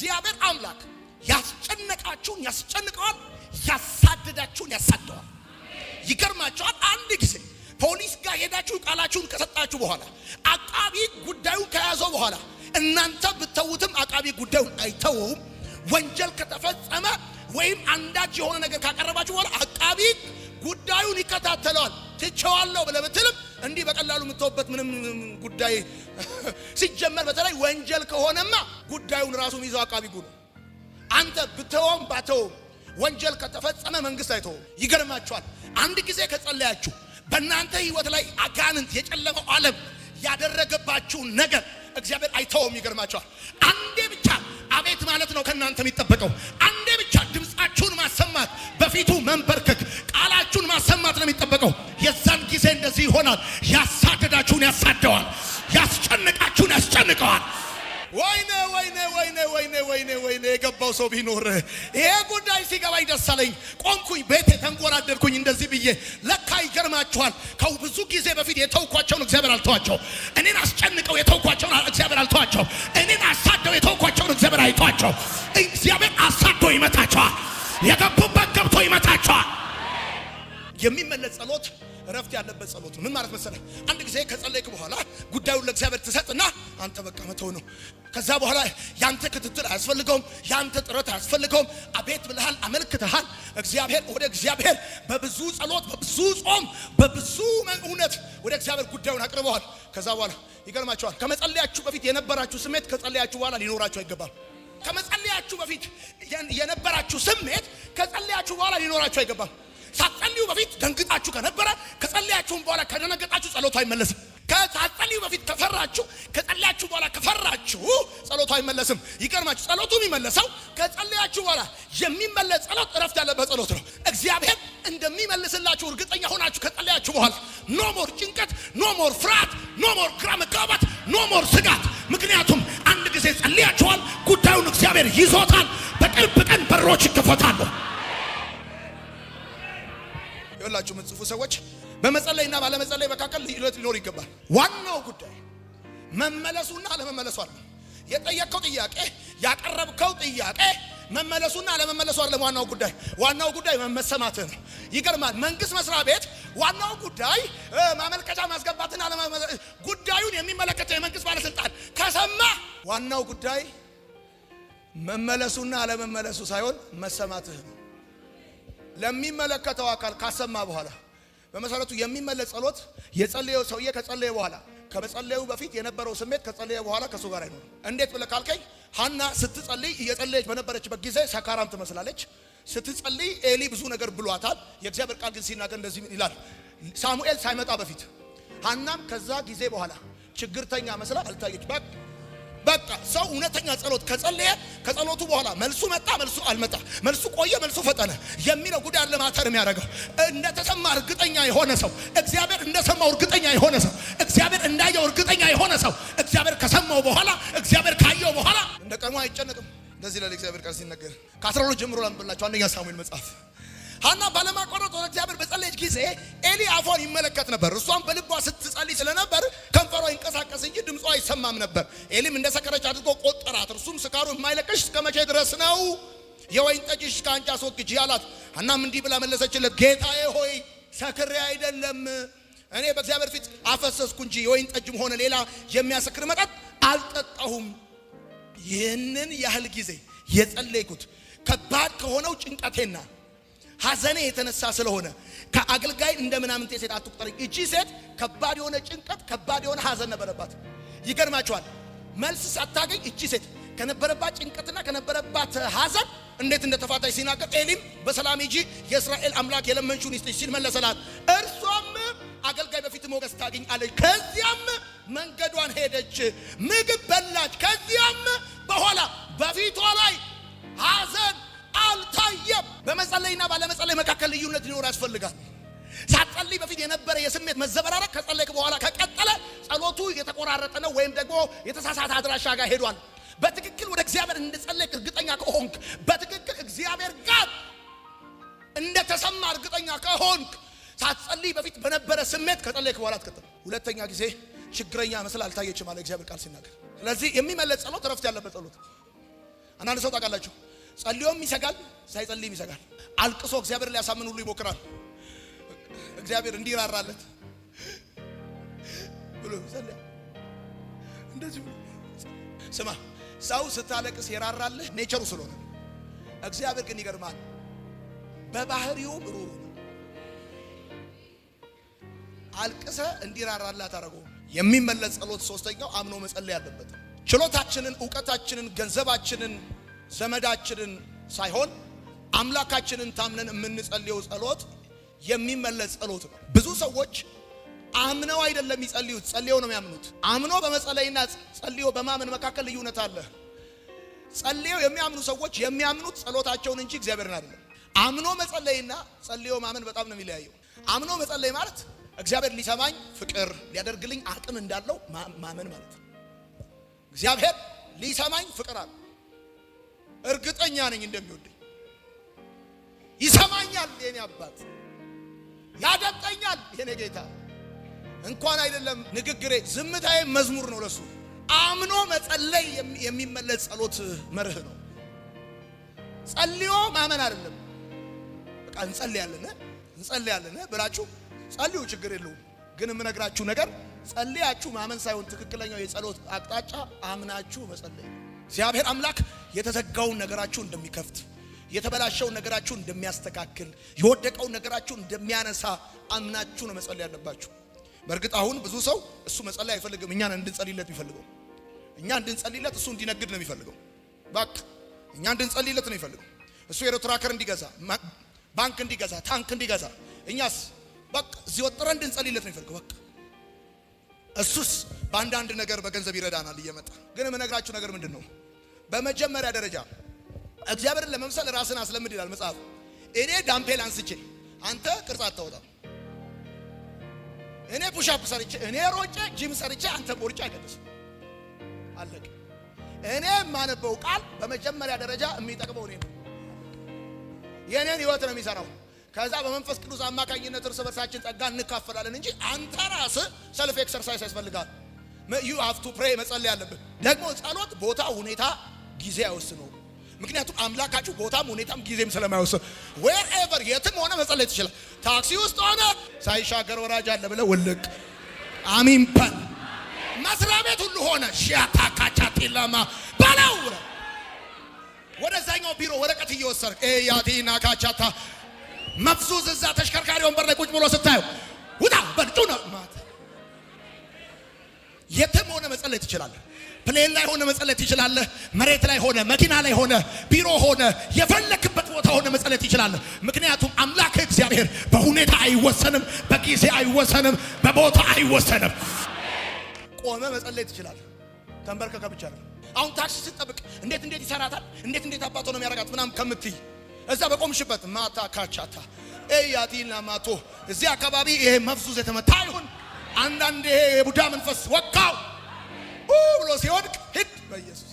እግዚአብሔር አምላክ ያስጨነቃችሁን ያስጨንቀዋል፣ ያሳደዳችሁን ያሳደዋል። ይገርማቸዋል። አንድ ጊዜ ፖሊስ ጋር ሄዳችሁ ቃላችሁን ከሰጣችሁ በኋላ አቃቢ ጉዳዩን ከያዘው በኋላ እናንተ ብተውትም አቃቢ ጉዳዩን አይተውም። ወንጀል ከተፈጸመ ወይም አንዳች የሆነ ነገር ካቀረባችሁ በኋላ አቃቢ ጉዳዩን ይከታተለዋል። ትቸዋለሁ ብለህ ብትልም እንዲህ በቀላሉ የምትወበት ምንም ጉዳይ ሲጀመር፣ በተለይ ወንጀል ከሆነማ ጉዳዩን ራሱ ይዘው አቃቢ ጉ አንተ ብተወም ባተወም ወንጀል ከተፈጸመ መንግስት አይተወም። ይገርማችኋል። አንድ ጊዜ ከጸለያችሁ በእናንተ ህይወት ላይ አጋንንት የጨለመው ዓለም ያደረገባችሁን ነገር እግዚአብሔር አይተውም። ይገርማችኋል። አንዴ ብቻ አቤት ማለት ነው ከእናንተ የሚጠበቀው ድምፃችሁን ማሰማት፣ በፊቱ መንበርከክ፣ ቃላችሁን ማሰማት ነው የሚጠበቀው። የዛን ጊዜ እንደዚህ ይሆናል። ያሳደዳችሁን ያሳደዋል፣ ያስጨንቃችሁን ያስጨንቀዋል። ወይኔ ወይኔ ወይኔ ወይኔ ወይኔ ወይኔ የገባው ሰው ቢኖር ይሄ ጉዳይ ሲገባኝ ደስ ቆንኩኝ፣ ቤቴ ተንጎራደድኩኝ እንደዚህ ብዬ። ለካ ይገርማችኋል፣ ከው ብዙ ጊዜ በፊት የተውኳቸውን እግዚአብሔር አልተዋቸው። እኔን አስጨንቀው የተውኳቸውን እግዚአብሔር አልተዋቸው። እኔን አሳደው የተውኳቸውን እግዚአብሔር አይተዋቸው። እግዚአብሔር አሳዶ ይመታቸዋል። የገቡበት ገብቶ ይመታቸዋል። የሚመለስ ጸሎት እረፍት ያለበት ጸሎት ነው። ምን ማለት መሰለህ፣ አንድ ጊዜ ከጸለይክ በኋላ ጉዳዩን ለእግዚአብሔር ትሰጥና አንተ በቃ መተው ነው። ከዛ በኋላ ያንተ ክትትል አያስፈልገውም፣ ያንተ ጥረት አያስፈልገውም። አቤት ብለሃል፣ አመልክተሃል። እግዚአብሔር ወደ እግዚአብሔር በብዙ ጸሎት፣ በብዙ ጾም፣ በብዙ እውነት ወደ እግዚአብሔር ጉዳዩን አቅርበዋል። ከዛ በኋላ ይገርማቸዋል። ከመጸለያችሁ በፊት የነበራችሁ ስሜት ከጸለያችሁ በኋላ ሊኖራችሁ አይገባም። ከመጸለያችሁ በፊት የነበራችሁ ስሜት ከጸለያችሁ በኋላ ሊኖራችሁ አይገባም። ሳትጸልዩ በፊት ደንግጣችሁ ከነበረ ከጸለያችሁም በኋላ ከደነገጣችሁ ጸሎቱ አይመለስም። ከሳትጸልዩ በፊት ከፈራችሁ ከጸለያችሁ በኋላ ከፈራችሁ ጸሎቱ አይመለስም። ይገርማችሁ፣ ጸሎቱ የሚመለሰው ከጸለያችሁ በኋላ የሚመለስ ጸሎት እረፍት ያለበት ጸሎት ነው። እግዚአብሔር እንደሚመልስላችሁ እርግጠኛ ሆናችሁ ከጸለያችሁ በኋላ ኖ ሞር ጭንቀት፣ ኖ ሞር ፍርሃት፣ ኖ ሞር ግራ መጋባት፣ ኖ ሞር ስጋት። ምክንያቱም አንድ ጊዜ ጸልያችኋል። ጉዳዩን እግዚአብሔር ይዞታል። በቅርብ ቀን በሮች ይከፈታሉ። የሚያሳልፉ ሰዎች በመጸለይና ባለመጸለይ መካከል ልዩነት ሊኖር ይገባል። ዋናው ጉዳይ መመለሱና አለመመለሱ አለ። የጠየቅከው ጥያቄ ያቀረብከው ጥያቄ መመለሱና አለመመለሱ አይደለም። ዋናው ጉዳይ ዋናው ጉዳይ መሰማትህ ነው። ይገርማል። መንግስት መስሪያ ቤት ዋናው ጉዳይ ማመልከቻ ማስገባትና ጉዳዩን የሚመለከተው የመንግስት ባለስልጣን ከሰማ ዋናው ጉዳይ መመለሱና አለመመለሱ ሳይሆን መሰማትህ ነው። ለሚመለከተው አካል ካሰማ በኋላ በመሰረቱ የሚመለስ ጸሎት የጸለየው ሰውዬ ከጸለየ በኋላ ከመጸለዩ በፊት የነበረው ስሜት ከጸለየ በኋላ ከሱ ጋር አይኖርም። እንዴት ብለህ ካልከኝ ሀና ስትጸልይ እየጸለየች በነበረችበት ጊዜ ሰካራም ትመስላለች። ስትጸልይ ኤሊ ብዙ ነገር ብሏታል። የእግዚአብሔር ቃል ግን ሲናገር እንደዚህ ይላል፣ ሳሙኤል ሳይመጣ በፊት ሀናም ከዛ ጊዜ በኋላ ችግርተኛ መስላ አልታየች። በቃ ሰው እውነተኛ ጸሎት ከጸለየ ከጸሎቱ በኋላ መልሱ መጣ፣ መልሱ አልመጣ፣ መልሱ ቆየ፣ መልሱ ፈጠነ የሚለው ጉዳይ ለማተር የሚያደርገው እንደተሰማ እርግጠኛ የሆነ ሰው እግዚአብሔር እንደሰማው እርግጠኛ የሆነ ሰው እግዚአብሔር እንዳየው እርግጠኛ የሆነ ሰው እግዚአብሔር ከሰማው በኋላ እግዚአብሔር ካየው በኋላ እንደ ቀድሞ አይጨነቅም። እንደዚህ ላለ እግዚአብሔር ቃል ሲነገር ከአስራ ሁለት ጀምሮ ላንብላቸው አንደኛ ሳሙኤል መጽሐፍ ሐና ባለማቋረጥ ወደ እግዚአብሔር በጸለየች ጊዜ ኤሊ አፏን ይመለከት ነበር። እሷም በልቧ ስትጸልይ ስለነበር ስካሩ ይንቀሳቀስ እንጂ ድምጿ አይሰማም ነበር። ኤሊም እንደ ሰከረች አድርጎ ቆጠራት። እርሱም ስካሩ የማይለቀሽ እስከ መቼ ድረስ ነው? የወይን ጠጅሽ ከአንቺ አስወግጂ አላት። አናም እንዲህ ብላ መለሰችለት፣ ጌታዬ ሆይ ሰክሬ አይደለም እኔ በእግዚአብሔር ፊት አፈሰስኩ እንጂ የወይን ጠጅም ሆነ ሌላ የሚያሰክር መጠጥ አልጠጣሁም። ይህንን ያህል ጊዜ የጸለይኩት ከባድ ከሆነው ጭንቀቴና ሐዘኔ የተነሳ ስለሆነ ከአገልጋይ እንደ ምናምንቴ ሴት አትቁጠረኝ። እቺ ሴት ከባድ የሆነ ጭንቀት፣ ከባድ የሆነ ሀዘን ነበረባት። ይገርማችኋል፣ መልስ ሳታገኝ እቺ ሴት ከነበረባት ጭንቀትና ከነበረባት ሀዘን እንዴት እንደተፋታች ሲናገር ኤሊም በሰላም ሂጂ የእስራኤል አምላክ የለመንሽውን ይስጥሽ ሲል መለሰላት። እርሷም አገልጋይ በፊት ሞገስ ታገኝ አለች። ከዚያም መንገዷን ሄደች፣ ምግብ በላች። ከዚያም በኋላ በፊቷ ላይ ሀዘን አልታየም። በመጸለይና ባለመጸለይ መካከል ልዩነት ሊኖር ያስፈልጋል። ሳትጸልይ በፊት የነበረ የስሜት መዘበራረቅ ከጸለይክ በኋላ ከቀጠለ ጸሎቱ የተቆራረጠ ነው ወይም ደግሞ የተሳሳተ አድራሻ ጋር ሄዷል። በትክክል ወደ እግዚአብሔር እንደጸለይክ እርግጠኛ ከሆንክ በትክክል እግዚአብሔር ጋር እንደተሰማ እርግጠኛ ከሆንክ ሳትጸልይ በፊት በነበረ ስሜት ከጸለይክ በኋላ አትቀጥል። ሁለተኛ ጊዜ ችግረኛ መስል አልታየችም አለ እግዚአብሔር ቃል ሲናገር። ስለዚህ የሚመለስ ጸሎት እረፍት ያለበት ጸሎት። አንዳንድ ሰው ታውቃላችሁ ጸልዮም ይሰጋል፣ ሳይጸልይም ይሰጋል። አልቅሶ እግዚአብሔር ሊያሳምን ሁሉ ይሞክራል። እግዚአብሔር እንዲራራለት ብሎ እንደዚሁ ስማ፣ ሰው ስታለቅስ የራራልህ ኔቸሩ ስለሆነ፣ እግዚአብሔር ግን ይገርማል፣ በባህሪው ብሩ አልቅሰ እንዲራራላ ታደረገው። የሚመለስ ጸሎት ሶስተኛው አምኖ መጸለይ አለበት ችሎታችንን፣ እውቀታችንን፣ ገንዘባችንን ዘመዳችንን ሳይሆን አምላካችንን ታምነን የምንጸልየው ጸሎት የሚመለስ ጸሎት ነው። ብዙ ሰዎች አምነው አይደለም የሚጸልዩት ጸልየው ነው የሚያምኑት። አምኖ በመጸለይና ጸልዮ በማመን መካከል ልዩነት አለ። ጸልየው የሚያምኑ ሰዎች የሚያምኑት ጸሎታቸውን እንጂ እግዚአብሔርን አይደለም። አምኖ መጸለይና ጸልዮ ማመን በጣም ነው የሚለያየው። አምኖ መጸለይ ማለት እግዚአብሔር ሊሰማኝ ፍቅር ሊያደርግልኝ አቅም እንዳለው ማመን ማለት ነው። እግዚአብሔር ሊሰማኝ ፍቅር አለ እርግጠኛ ነኝ እንደሚወደኝ ይሰማኛል። የኔ አባት ያደምጠኛል። የኔ ጌታ እንኳን አይደለም ንግግሬ፣ ዝምታዬ መዝሙር ነው ለሱ። አምኖ መጸለይ የሚመለስ ጸሎት መርህ ነው። ጸልዮ ማመን አይደለም። በቃ እንጸልያለን እንጸልያለን ብላችሁ ጸልዩ፣ ችግር የለውም። ግን የምነግራችሁ ነገር ጸልያችሁ ማመን ሳይሆን ትክክለኛው የጸሎት አቅጣጫ አምናችሁ መጸለይ እግዚአብሔር አምላክ የተዘጋውን ነገራችሁ እንደሚከፍት የተበላሸውን ነገራችሁ እንደሚያስተካክል የወደቀውን ነገራችሁ እንደሚያነሳ አምናችሁ ነው መጸለይ ያለባችሁ። በእርግጥ አሁን ብዙ ሰው እሱ መጸለይ አይፈልግም። እኛን እንድንጸልይለት የሚፈልገው እኛ እንድንጸልይለት እሱ እንዲነግድ ነው የሚፈልገው። ባክ እኛ እንድንጸልይለት ነው የሚፈልገው። እሱ የሮትራከር እንዲገዛ፣ ባንክ እንዲገዛ፣ ታንክ እንዲገዛ፣ እኛስ በቃ እዚህ ወጥረን እንድንጸልይለት ነው የሚፈልገው። በቃ እሱስ በአንዳንድ ነገር በገንዘብ ይረዳናል እየመጣ ግን የምነግራችሁ ነገር ምንድን ነው? በመጀመሪያ ደረጃ እግዚአብሔርን ለመምሰል ራስን አስለምድ ይላል መጽሐፍ። እኔ ዳምፔል አንስቼ አንተ ቅርጽ አታወጣም። እኔ ፑሻፕ ሰርቼ እኔ ሮጬ ጂም ሰርቼ አንተ ቦርጬ አይቀደስ አለቅ። እኔ የማነበው ቃል በመጀመሪያ ደረጃ የሚጠቅመው እኔ ነው። የእኔን ህይወት ነው የሚሰራው። ከዛ በመንፈስ ቅዱስ አማካኝነት እርስ በርሳችን ጸጋ እንካፈላለን እንጂ አንተ ራስ ሰልፍ ኤክሰርሳይዝ ያስፈልጋል። ዩ ሀፍ ቱ ፕሬ መጸለይ አለብን ደግሞ ጸሎት ቦታ ሁኔታ ጊዜ አይወስነው። ምክንያቱም አምላካችሁ ቦታም ሁኔታም ጊዜም ስለማይወስን ዌር የትም ሆነ መጸለይ ትችላል። ታክሲ ውስጥ ሆነ ሳይሻገር ወራጅ አለ ብለ ውልቅ አሚን በል። መስሪያ ቤት ሁሉ ሆነ ሺያታካቻቴላማ በለው ወደዛኛው ቢሮ ወረቀት እየወሰድክ ያቴና ካቻታ መፍዙዝ እዛ ተሽከርካሪ ወንበር ላይ ቁጭ ብሎ ስታየው ውጣ በልጡ ነው። የትም ሆነ መጸለይ ትችላለህ። ፕሌን ላይ ሆነ መጸለት ይችላል። መሬት ላይ ሆነ፣ መኪና ላይ ሆነ፣ ቢሮ ሆነ፣ የፈለክበት ቦታ ሆነ መጸለት ይችላል። ምክንያቱም አምላክ እግዚአብሔር በሁኔታ አይወሰንም፣ በጊዜ አይወሰንም፣ በቦታ አይወሰንም። ቆመ መጸለት ይችላል። ተንበርከከ ብቻ ነው። አሁን ታክሲ ስትጠብቅ እንዴት እንዴት ይሰራታል፣ እንዴት እንዴት አባቶ ነው የሚያረጋት ምናምን ከምትይ እዛ በቆምሽበት ማታ ካቻታ ያቲና ማቶ እዚህ አካባቢ ይሄ መፍዙዝ የተመታ ይሁን አንዳንድ ይሄ የቡዳ መንፈስ ወካው ቡ ብሎ ሲወድቅ ሂድ በኢየሱስ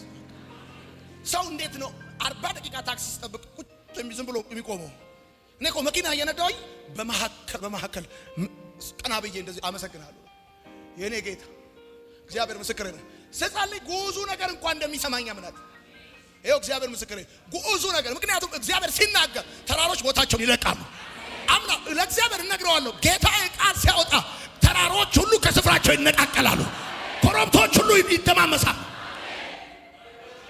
ሰው እንዴት ነው አርባ ደቂቃ ታክሲ ሲጠብቅ ቁጭ ዝም ብሎ የሚቆመው? እኔ እኮ መኪና እየነዳሁኝ በመካከል በመካከል ቀና ብዬ እንደዚህ አመሰግናለሁ የእኔ ጌታ እግዚአብሔር ምስክሬ ነው። ስጸልይ ጉዙ ነገር እንኳን እንደሚሰማኝ አምናት ይኸው እግዚአብሔር ምስክሬ ጉዙ ነገር። ምክንያቱም እግዚአብሔር ሲናገር ተራሮች ቦታቸውን ይለቃሉ። አምና ለእግዚአብሔር እነግረዋለሁ ጌታ ቃል ሲያወጣ ተራሮች ሁሉ ከስፍራቸው ይነቃቀላሉ። ኮረብቶች ሁሉ ይደማመሳል።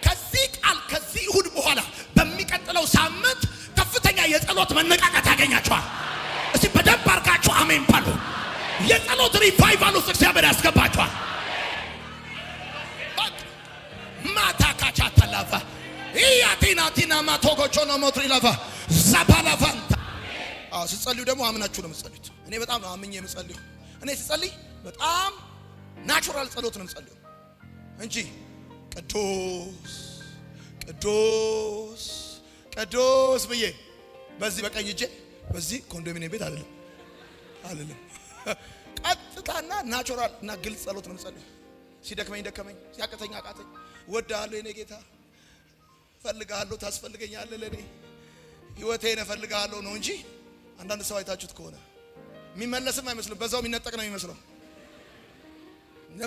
ከዚህ ቃል ከዚህ ይሁድ በኋላ በሚቀጥለው ሳምንት ከፍተኛ የጸሎት መነቃቃት ያገኛቸዋል። እስቲ በደንብ አርጋችሁ አሜን ባሉ። የጸሎት ሪቫይቫል ውስጥ እግዚአብሔር ያስገባቸዋል። ማታ ካቻ ተላፋ ኢያቲና ቲና ማቶጎቾ ነው ሞትሪ ላፋ ዛባላፋንታ ስጸልዩ ደግሞ አምናችሁ ነው የምጸልዩት። እኔ በጣም አምኜ የምጸልዩ እኔ ስጸልይ በጣም ናቹራል ጸሎት ነው የምጸልየው እንጂ ቅዱስ ቅዱስ ቅዱስ ብዬ በዚህ በቀኝ እጄ በዚህ ኮንዶሚኒየም ቤት አይደለም አይደለም። ቀጥታና ናቹራል እና ግልጽ ጸሎት ነው የምጸልየው። ሲደክመኝ ደከመኝ፣ ሲያቅተኝ አቃተኝ፣ ወድሃለሁ የኔ ጌታ እፈልግሃለሁ፣ ታስፈልገኛለህ፣ ለእኔ ህይወቴን እፈልግሃለሁ ነው እንጂ አንዳንድ ሰው አይታችሁት ከሆነ የሚመለስም አይመስልም፣ በዛው የሚነጠቅ ነው የሚመስለው።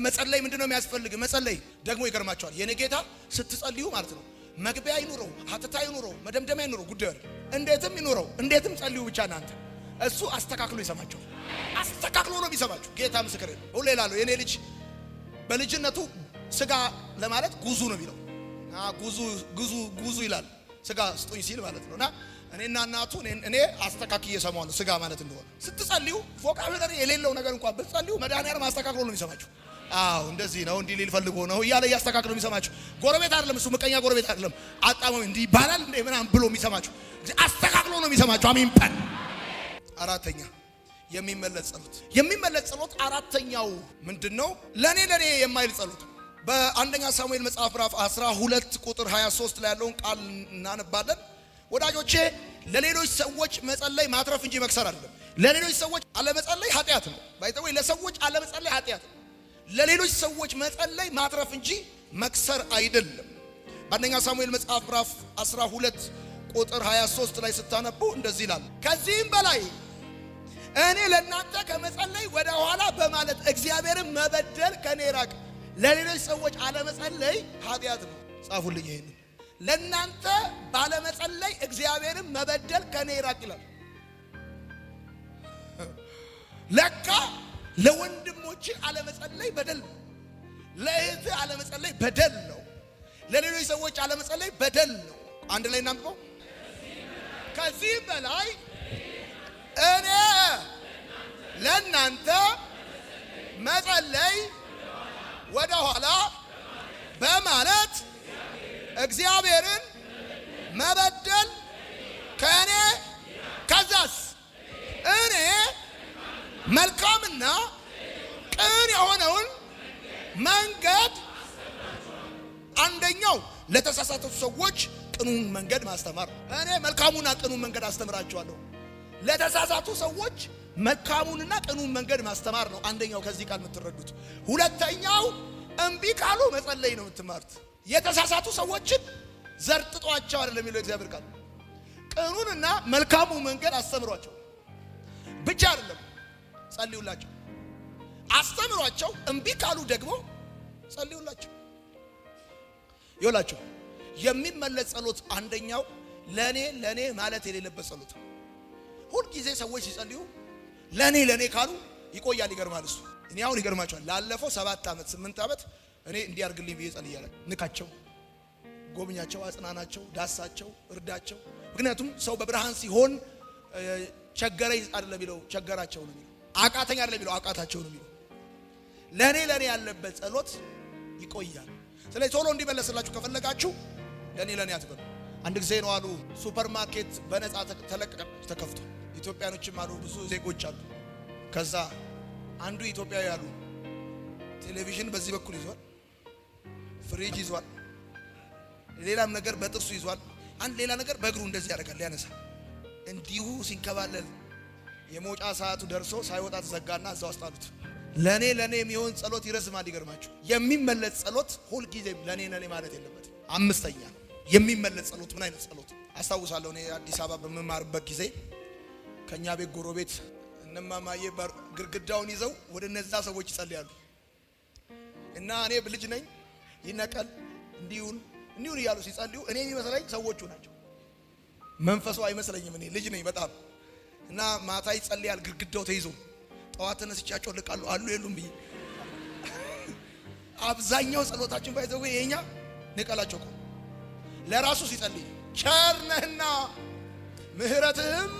መጸለይ ምንድነው የሚያስፈልግ? መጸለይ ደግሞ ይገርማቸዋል። የኔ ጌታ ስትጸልዩ ማለት ነው መግቢያ ይኑረው፣ ሀተታ ይኑረው፣ መደምደሚያ ይኑረው፣ ጉዳዩ እንዴትም ይኑረው፣ እንዴትም ጸልዩ ብቻ እናንተ እሱ አስተካክሎ ይሰማቸው፣ አስተካክሎ ነው የሚሰማቸው። ጌታ ምስክር ሁሌ እላለሁ። የኔ ልጅ በልጅነቱ ስጋ ለማለት ጉዙ ነው የሚለው ጉዙ ጉዙ ጉዙ ይላል ስጋ ስጡኝ ሲል ማለት ነው። እና እኔና እናቱ እኔ አስተካክዬ እሰማዋለሁ ስጋ ማለት እንደሆነ ስትጸልዩ ቮካብለሪ የሌለው ነገር እንኳን ብትጸልዩ መድኃኒዓለም አስተካክሎ ነው የሚሰማቸው። አዎ እንደዚህ ነው፣ እንዲህ ሊል ፈልጎ ነው እያለ እያስተካክለው የሚሰማችሁ ጎረቤት አይደለም። እሱ ምቀኛ ጎረቤት አይደለም። አጣማው እንዲህ ይባላል እንደ ምናምን ብሎ የሚሰማችሁ አስተካክሎ ነው የሚሰማችሁ። አሜን በል። አራተኛ የሚመለስ ጸሎት፣ የሚመለስ ጸሎት አራተኛው ምንድን ነው? ለኔ ለኔ የማይል ጸሎት በአንደኛ ሳሙኤል መጽሐፍ ምዕራፍ 12 ቁጥር 23 ላይ ያለውን ቃል እናነባለን። ወዳጆቼ ለሌሎች ሰዎች መጸለይ ማትረፍ እንጂ መክሰር አይደለም። ለሌሎች ሰዎች አለመጸለይ ኃጢአት ነው። ባይተወይ ለሰዎች አለመጸለይ ኃጢአት ነው። ለሌሎች ሰዎች መጸለይ ማትረፍ እንጂ መክሰር አይደለም። በአንደኛ ሳሙኤል መጽሐፍ ምዕራፍ 12 ቁጥር 23 ላይ ስታነቡ እንደዚህ ይላል፣ ከዚህም በላይ እኔ ለእናንተ ከመጸለይ ወደ ኋላ በማለት እግዚአብሔርን መበደል ከኔ ራቅ። ለሌሎች ሰዎች አለመጸለይ ኃጢአት ነው። ጻፉልኝ ይሄንን። ለእናንተ ባለመጸለይ እግዚአብሔርን መበደል ከኔ ራቅ ይላል። ለካ ለወንድ ለአንቺ አለመጸለይ በደል ነው። ለእህት አለመጸለይ በደል ነው። ለሌሎች ሰዎች አለመጸለይ በደል ነው። አንድ ላይ እናንብበው። ከዚህ በላይ እኔ ለእናንተ መጸለይ ወደ ኋላ በማለት እግዚአብሔርን መበደል ከእኔ ከዛስ እኔ መልካምና ቅን የሆነውን መንገድ አንደኛው ለተሳሳተቱ ሰዎች ቅኑን መንገድ ማስተማር። እኔ መልካሙና ቅኑን መንገድ አስተምራቸዋለሁ። ለተሳሳቱ ሰዎች መልካሙንና ቅኑን መንገድ ማስተማር ነው አንደኛው ከዚህ ቃል የምትረዱት። ሁለተኛው እምቢ ካሉ መጸለይ ነው የምትማሩት። የተሳሳቱ ሰዎችን ዘርጥጧቸው አይደለም የሚለው እግዚአብሔር ቃል፣ ቅኑንና መልካሙ መንገድ አስተምሯቸው ብቻ አይደለም ጸልዩላቸው። አስተምሯቸው። እምቢ ካሉ ደግሞ ጸልዩላቸው። ይውላችሁ የሚመለስ ጸሎት አንደኛው ለእኔ ለእኔ ማለት የሌለበት ጸሎት። ሁልጊዜ ሰዎች ሲጸልዩ ለእኔ ለእኔ ካሉ ይቆያል። ይገርማል። እሱ እኔ አሁን ይገርማቸዋል። ላለፈው ሰባት ዓመት ስምንት ዓመት እኔ እንዲያርግልኝ ብዬ ጸልያለ። ንካቸው፣ ጎብኛቸው፣ አጽናናቸው፣ ዳሳቸው፣ እርዳቸው። ምክንያቱም ሰው በብርሃን ሲሆን ቸገረ አይደለም የሚለው ቸገራቸው ነው የሚለው፣ አቃተኝ አይደለም የሚለው አቃታቸው ነው የሚለው ለእኔ ለእኔ ያለበት ጸሎት ይቆያል። ስለዚህ ቶሎ እንዲመለስላችሁ ከፈለጋችሁ ለእኔ ለእኔ አትበሉ። አንድ ጊዜ ነው አሉ ሱፐርማርኬት በነፃ ተለቀቀ ተከፍቶ ኢትዮጵያኖችም አሉ ብዙ ዜጎች አሉ። ከዛ አንዱ ኢትዮጵያዊ አሉ ቴሌቪዥን በዚህ በኩል ይዟል፣ ፍሪጅ ይዟል፣ ሌላም ነገር በጥርሱ ይዟል፣ አንድ ሌላ ነገር በእግሩ እንደዚህ ያደርጋል ያነሳ እንዲሁ ሲንከባለል የመውጫ ሰዓቱ ደርሶ ሳይወጣ ተዘጋና እዛ ውስጥ አሉት። ለኔ ለኔ የሚሆን ጸሎት ይረዝማል። ይገርማችሁ የሚመለስ ጸሎት ሁልጊዜ ለኔ ለኔ ማለት የለበትም። አምስተኛ የሚመለስ ጸሎት ምን አይነት ጸሎት? አስታውሳለሁ እኔ አዲስ አበባ በምማርበት ጊዜ ከኛ ቤት ጎረቤት እነማማዬ ግድግዳውን ይዘው ወደ እነዛ ሰዎች ይጸልያሉ እና እኔ ልጅ ነኝ ይነቀል እንዲሁን እንዲሁን እያሉ ሲጸልዩ እኔ የሚመስለኝ ሰዎቹ ናቸው። መንፈሱ አይመስለኝም። እኔ ልጅ ነኝ በጣም እና ማታ ይጸልያል ግድግዳው ተይዞ ጠዋት ተነስቼ አጮልቃለሁ አሉ የሉም ብዬ አብዛኛው ጸሎታችን ባይዘው ይሄኛ ንቀላቸው እኮ ለራሱ ሲጸልይ ቸር ነህና ምህረትህም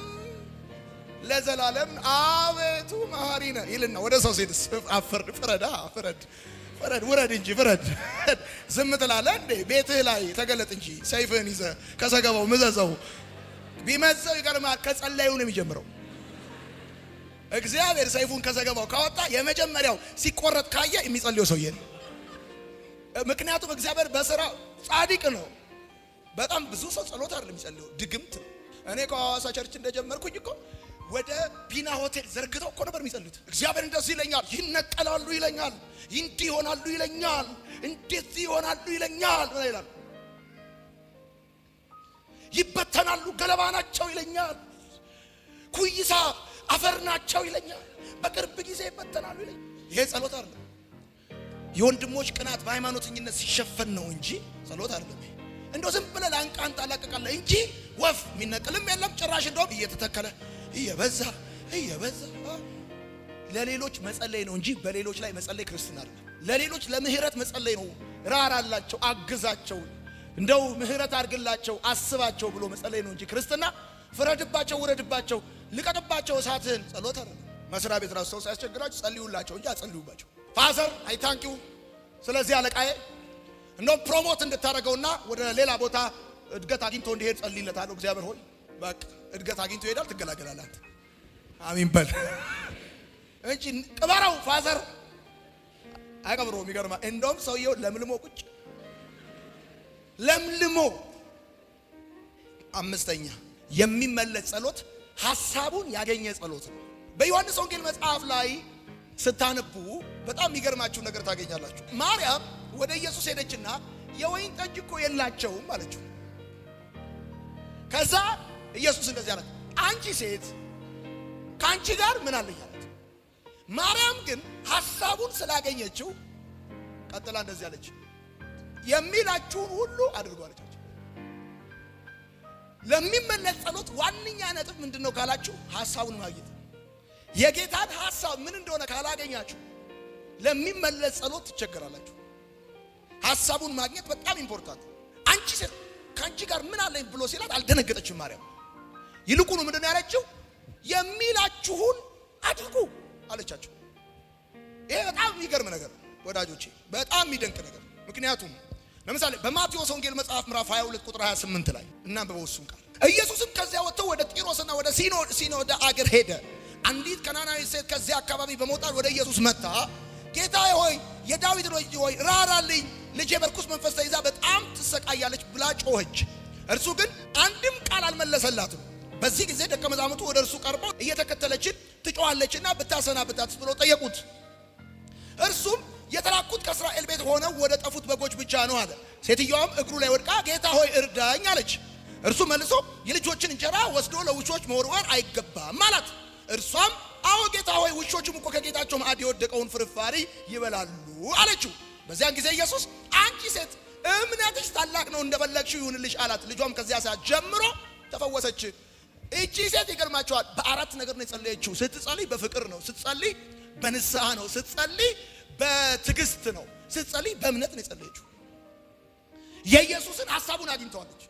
ለዘላለም አቤቱ መሐሪ ነህ ይልና ወደ ሰው ሲሄድ አፍርድ ፍረዳ ፍረድ ፍረድ ውረድ እንጂ ፍረድ ዝም ትላለህ እንዴ? ቤትህ ላይ ተገለጥ እንጂ ሰይፍህን ይዘህ ከሰገባው ምዘዘው ቢመዘው ይገርማ ከጸላዩ ነው የሚጀምረው እግዚአብሔር ሰይፉን ከዘገባው ካወጣ የመጀመሪያው ሲቆረጥ ካየ የሚጸልየው ሰውዬ ነው። ምክንያቱም እግዚአብሔር በስራ ጻድቅ ነው። በጣም ብዙ ሰው ጸሎት አይደለም የሚጸልየው፣ ድግምት ነው። እኔ ከሐዋሳ ቸርች እንደጀመርኩኝ እኮ ወደ ቢና ሆቴል ዘርግተው እኮ ነበር የሚጸልዩት። እግዚአብሔር እንደዚህ ይለኛል፣ ይነቀላሉ ይለኛል፣ እንዲህ ይሆናሉ ይለኛል፣ እንደዚህ ይሆናሉ ይለኛል ብላ ይላል። ይበተናሉ ገለባ ናቸው ይለኛል ኩይሳ አፈር ናቸው ይለኛል። በቅርብ ጊዜ ይበተናሉ ይለኝ። ይሄ ጸሎት አለ። የወንድሞች ቅናት በሃይማኖተኝነት ሲሸፈን ነው እንጂ ጸሎት አለ። እንደው ዝም ብለህ ላንቃን ታላቀቃለህ እንጂ ወፍ የሚነቅልም የለም ጭራሽ እንደውም እየተተከለ እየበዛ እየበዛ ለሌሎች መጸለይ ነው እንጂ በሌሎች ላይ መጸለይ ክርስትና አይደለም። ለሌሎች ለምህረት መጸለይ ነው። ራራላቸው፣ አግዛቸው፣ እንደው ምህረት አድርግላቸው፣ አስባቸው ብሎ መጸለይ ነው እንጂ ክርስትና ፍረድባቸው፣ ውረድባቸው ልቀጥባቸው እሳትን ጸሎት አረ መስሪያ ቤት ራሱ ሰው ሲያስቸግራችሁ ጸልዩላቸው እንጂ አጸልዩባቸው። ፋዘር አይ ታንክ ዩ ስለዚህ አለቃዬ እንደውም ፕሮሞት እንድታደርገውና ወደ ሌላ ቦታ እድገት አግኝቶ እንዲሄድ ጸልይለታለሁ። እግዚአብሔር ሆይ በቃ እድገት አግኝቶ ይሄዳል። ትገላገላላት። አሚን በል እንጂ ቅበረው ፋዘር አይቀብረውም። የሚገርማ እንደውም ሰውየው ለምልሞ ቁጭ ለምልሞ። አምስተኛ የሚመለስ ጸሎት ሐሳቡን ያገኘ ጸሎት ነው። በዮሐንስ ወንጌል መጽሐፍ ላይ ስታነቡ በጣም የሚገርማችሁ ነገር ታገኛላችሁ። ማርያም ወደ ኢየሱስ ሄደችና የወይን ጠጅ እኮ የላቸውም አለችው። ከዛ ኢየሱስ እንደዚህ አላት፣ አንቺ ሴት ከአንቺ ጋር ምን አለኝ አላት። ማርያም ግን ሐሳቡን ስላገኘችው ቀጥላ እንደዚህ አለች፣ የሚላችሁን ሁሉ አድርጓለች። ለሚመለስ ጸሎት ዋነኛ ነጥብ ምንድን ነው ካላችሁ፣ ሐሳቡን ማግኘት። የጌታን ሐሳብ ምን እንደሆነ ካላገኛችሁ ለሚመለስ ጸሎት ትቸገራላችሁ። ሐሳቡን ማግኘት በጣም ኢምፖርታንት። አንቺ ሴት ከአንቺ ጋር ምን አለኝ ብሎ ሲላት አልደነገጠችም ማርያም። ይልቁኑ ምንድን ነው ያለችው? የሚላችሁን አድርጉ አለቻቸው። ይሄ በጣም የሚገርም ነገር ወዳጆቼ፣ በጣም የሚደንቅ ነገር ምክንያቱም ለምሳሌ በማቴዎስ ወንጌል መጽሐፍ ምዕራፍ 22 ቁጥር 28 ላይ እና እሱን ቃል። ኢየሱስም ከዚያ ወጥቶ ወደ ጢሮስና ወደ ሲኖዳ አገር ሄደ። አንዲት ከናናዊ ሴት ከዚያ አካባቢ በመውጣት ወደ ኢየሱስ መጣ። ጌታ ሆይ የዳዊት ልጅ ሆይ ራራልኝ፣ ልጄ በርኩስ መንፈስ ተይዛ በጣም ትሰቃያለች ብላ ጮኸች። እርሱ ግን አንድም ቃል አልመለሰላትም። በዚህ ጊዜ ደቀ መዛሙርቱ ወደ እርሱ ቀርበው እየተከተለችን ትጮኻለችና ብታሰናብታት ብሎ ጠየቁት። እርሱም የተላኩት ከእስራኤል ቤት ሆነው ወደ ጠፉት በጎች ብቻ ነው አለ። ሴትዮዋም እግሩ ላይ ወድቃ ጌታ ሆይ እርዳኝ አለች። እርሱ መልሶ የልጆችን እንጀራ ወስዶ ለውሾች መወርወር አይገባም አላት። እርሷም አዎ ጌታ ሆይ ውሾችም እኮ ከጌታቸው ማዕድ የወደቀውን ፍርፋሪ ይበላሉ አለችው። በዚያን ጊዜ ኢየሱስ አንቺ ሴት እምነትሽ ታላቅ ነው እንደፈለግሽው ይሁንልሽ አላት። ልጇም ከዚያ ሰዓት ጀምሮ ተፈወሰች። እቺ ሴት ይገርማቸዋል። በአራት ነገር ነው የጸለየችው። ስትጸልይ በፍቅር ነው፣ ስትጸልይ በንስሐ ነው፣ ስትጸልይ በትዕግስት ነው ስትጸልይ፣ በእምነት ነው የጸለየችው። የኢየሱስን ሀሳቡን አግኝተዋለች።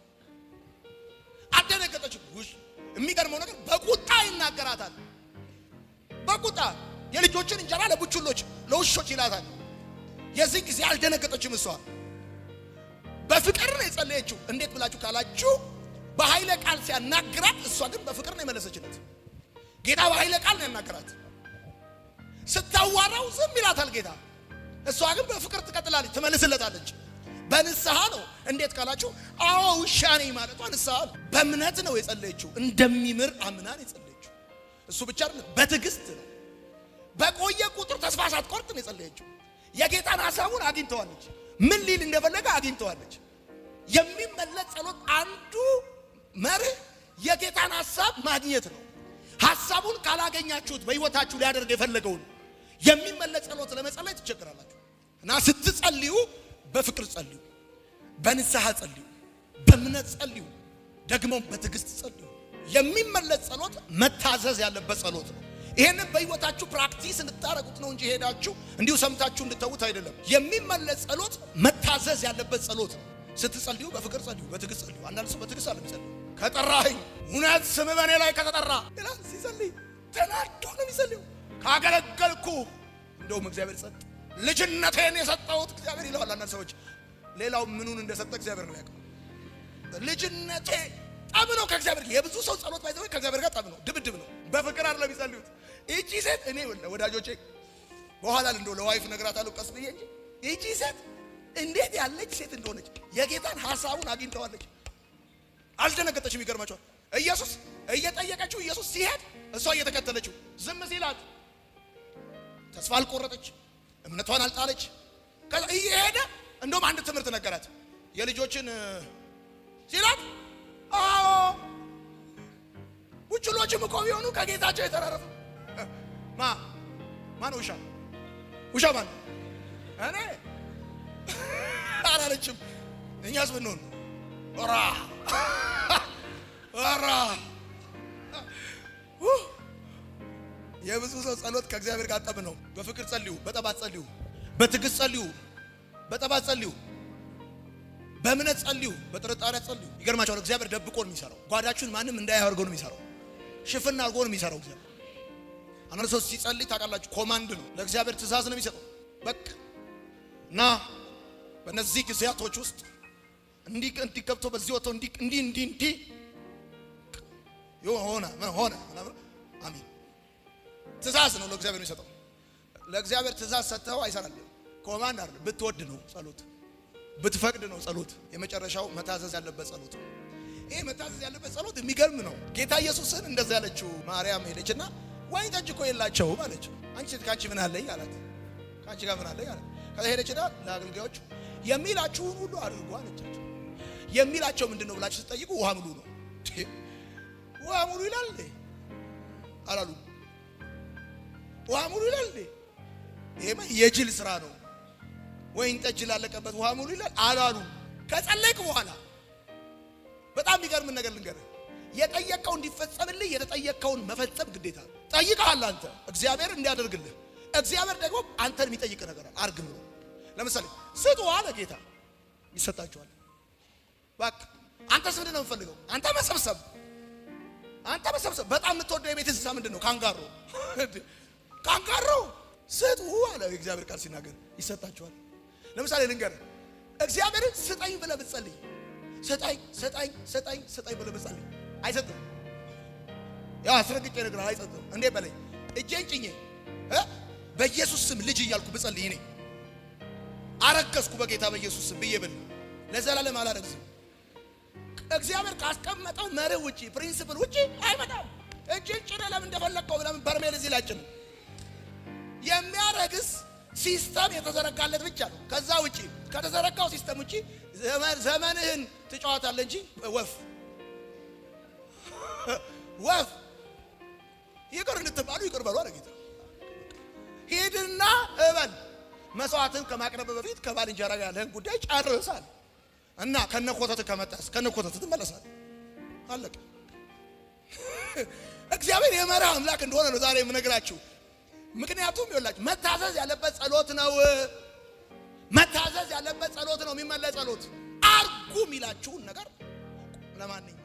አልደነገጠች። የሚገርመው ነገር በቁጣ ይናገራታል። በቁጣ የልጆችን እንጀራ ለቡችሎች ለውሾች ይላታል። የዚህ ጊዜ አልደነገጠችም። እሷ በፍቅር ነው የጸለየችው። እንዴት ብላችሁ ካላችሁ በኃይለ ቃል ሲያናግራት፣ እሷ ግን በፍቅር ነው የመለሰችለት። ጌታ በኃይለ ቃል ነው ያናገራት። ስታዋራው ዝም ይላታል ጌታ። እሷ ግን በፍቅር ትቀጥላለች፣ ትመልስለታለች። በንስሐ ነው። እንዴት ካላችሁ፣ አዎ ውሻ ነኝ ማለቷ ንስሐ ነው። በእምነት ነው የጸለየችው፣ እንደሚምር አምናን የጸለየችው። እሱ ብቻ በትዕግስት ነው። በቆየ ቁጥር ተስፋ ሳትቆርጥ ነው የጸለየችው። የጌታን ሀሳቡን አግኝተዋለች። ምን ሊል እንደፈለገ አግኝተዋለች። የሚመለጥ ጸሎት አንዱ መርህ የጌታን ሀሳብ ማግኘት ነው። ሀሳቡን ካላገኛችሁት በሕይወታችሁ ሊያደርግ የፈለገውን የሚመለጥ ጸሎት ለመጸለይ ትቸግራላችሁ እና ስትጸልዩ በፍቅር ጸልዩ፣ በንስሐ ጸልዩ፣ በእምነት ጸልዩ፣ ደግሞ በትዕግስት ጸልዩ። የሚመለጥ ጸሎት መታዘዝ ያለበት ጸሎት ነው። ይሄንን በህይወታችሁ ፕራክቲስ እንድታረጉት ነው እንጂ ሄዳችሁ እንዲሁ ሰምታችሁ እንድተዉት አይደለም። የሚመለጥ ጸሎት መታዘዝ ያለበት ጸሎት ነው። ስትጸልዩ በፍቅር ጸልዩ፣ በትዕግስት ጸልዩ። አንዳንድ ሰው በትዕግስት አለ የሚጸልዩ ከጠራኸኝ እውነት ስም በእኔ ላይ ከተጠራ ይላል ሲጸልይ ተናዶ ነው የሚጸልዩ ካገለገልኩ እንደውም እግዚአብሔር ጸጥ ልጅነቴን የሰጠሁት እግዚአብሔር ይለዋል። አንዳንድ ሰዎች ሌላው ምኑን እንደሰጠ እግዚአብሔር ነው ያውቀው። ልጅነቴ ጠብ ነው ከእግዚአብሔር የብዙ ሰው ጸሎት ባይዘ ከእግዚአብሔር ጋር ጠብ ነው፣ ድብድብ ነው። በፍቅር አይደለም የሚጸልዩት። ይቺ ሴት እኔ ወዳጆቼ በኋላ እንደው ለዋይፍ እነግራታለሁ ቀስ ብዬ እንጂ ይቺ ሴት እንዴት ያለች ሴት እንደሆነች የጌታን ሀሳቡን አግኝተዋለች። አልደነገጠችም። ይገርማቸዋል። ኢየሱስ እየጠየቀችው ኢየሱስ ሲሄድ እሷ እየተከተለችው ዝም ሲላት ተስፋ አልቆረጠች፣ እምነቷን አልጣለች። ከዛ እየሄደ እንደውም አንድ ትምህርት ነገራት። የልጆችን ሲላት አዎ ቡችሎችም እኮ ቢሆኑ ከጌታቸው የተረረፉ ማ ማን ውሻ ውሻ ማን እኔ አላለችም። እኛስ ብንሆን ራ ራ የብዙ ሰው ጸሎት ከእግዚአብሔር ጋር ጠብ ነው። በፍቅር ጸልዩ፣ በጠባት ጸልዩ፣ በትዕግስት ጸልዩ፣ በጠባት ጸልዩ፣ በእምነት ጸልዩ፣ በጥርጣሬ ጸልዩ። ይገርማቸዋል። እግዚአብሔር ደብቆ ነው የሚሰራው። ጓዳችሁን ማንም እንዳያየው ነው የሚሰራው። ሽፍና አድርጎ ነው የሚሰራው። እግዚአብሔር አንድ ሰው ሲጸልይ ታውቃላችሁ፣ ኮማንድ ነው ለእግዚአብሔር ትእዛዝ ነው የሚሰጠው። በቃ እና በእነዚህ ጊዜያቶች ውስጥ እንዲህ እንዲህ ገብቶ በዚህ ወጥቶ እንዲህ እንዲህ እንዲህ እንዲህ ሆነ ሆነ። አሜን ትእዛዝ ነው ለእግዚአብሔር የሚሰጠው። ለእግዚአብሔር ትእዛዝ ሰጥተው አይሰራል። ኮማንድ አይደለም። ብትወድ ነው ጸሎት፣ ብትፈቅድ ነው ጸሎት። የመጨረሻው መታዘዝ ያለበት ጸሎት ይሄ መታዘዝ ያለበት ጸሎት የሚገርም ነው። ጌታ ኢየሱስን እንደዛ ያለችው ማርያም ሄደችና ወይን ጠጅ እኮ የላቸውም አለችው። አንቺ ካንቺ ምን አለኝ አላት። ካንቺ ጋር ምን አለኝ አላት። ከዛ ሄደችና ለአገልጋዮች የሚላችሁን ሁሉ አድርጉ አለቻቸው። የሚላቸው ምንድን ነው ብላችሁ ስትጠይቁ ውሃ ሙሉ ነው። ውሃ ሙሉ ይላል አላሉም። ውሃ ሙሉ ይላል ይሄማ የጅል ስራ ነው። ወይን ጠጅ ላለቀበት ውሃ ሙሉ ይላል አላሉ። ከጸለይክ በኋላ በጣም የሚገርምን ነገር ልንገር፣ የጠየቀው እንዲፈጸምልህ የተጠየቀውን መፈጸም ግዴታ ነው። ጠይቀሃል አንተ እግዚአብሔር እንዲያደርግልህ፣ እግዚአብሔር ደግሞ አንተን የሚጠይቅ ነገር አርግ ብሎ ለምሳሌ ስጡ አለ ጌታ፣ ይሰጣቸዋል። እባክህ አንተስ ምንድን ነው የምፈልገው? አንተ መሰብሰብ አንተ መሰብሰብ። በጣም የምትወደው የቤት እንስሳ ምንድን ነው? ካንጋሮ ካንካራው ስጡ አለ እግዚአብሔር ቃል ሲናገር ይሰጣችኋል። ለምሳሌ ልንገር፣ እግዚአብሔርን ስጠኝ ብለህ ብትጸልይ ስጠኝ ስጠኝ ስጠኝ ስጠኝ ብለህ ብትጸልይ አይሰጥም። ያው አስረግጬ እነግርሃለሁ፣ አይሰጥም። እንዴ በለኝ እጄን ጭኜ በኢየሱስ ስም ልጅ እያልኩ ብጸልይ እኔ አረከስኩ በጌታ በኢየሱስ ስም ብዬ ብል ለዘላለም አላረግዝም። እግዚአብሔር ካስቀመጠው መርህ ውጪ ፕሪንሲፕል ውጪ አይመጣም። እጄን ጭነ ለምን እንደፈለግከው ለምን በርሜል እዚህ ላይ ጭነ ሲያረግስ ሲስተም የተዘረጋለት ብቻ ነው። ከዛ ውጪ ከተዘረጋው ሲስተም ውጪ ዘመንህን ትጫወታለህ እንጂ ወፍ ወፍ ይቅር እንድትባሉ ይቅር በሉ። አረጊት ሂድና እበል። መስዋዕትን ከማቅረብ በፊት ከባልንጀራ ያለህን ጉዳይ ጨርሳል እና ከነኮተት ከመጣስ ከነኮተት ትመለሳል። አለቀ። እግዚአብሔር የመራ አምላክ እንደሆነ ነው ዛሬ የምነግራችሁ። ምክንያቱም ይኸውላችሁ መታዘዝ ያለበት ጸሎት ነው። መታዘዝ ያለበት ጸሎት ነው። የሚመለስ ጸሎት አርጉ የሚላችሁን ነገር ለማንኛውም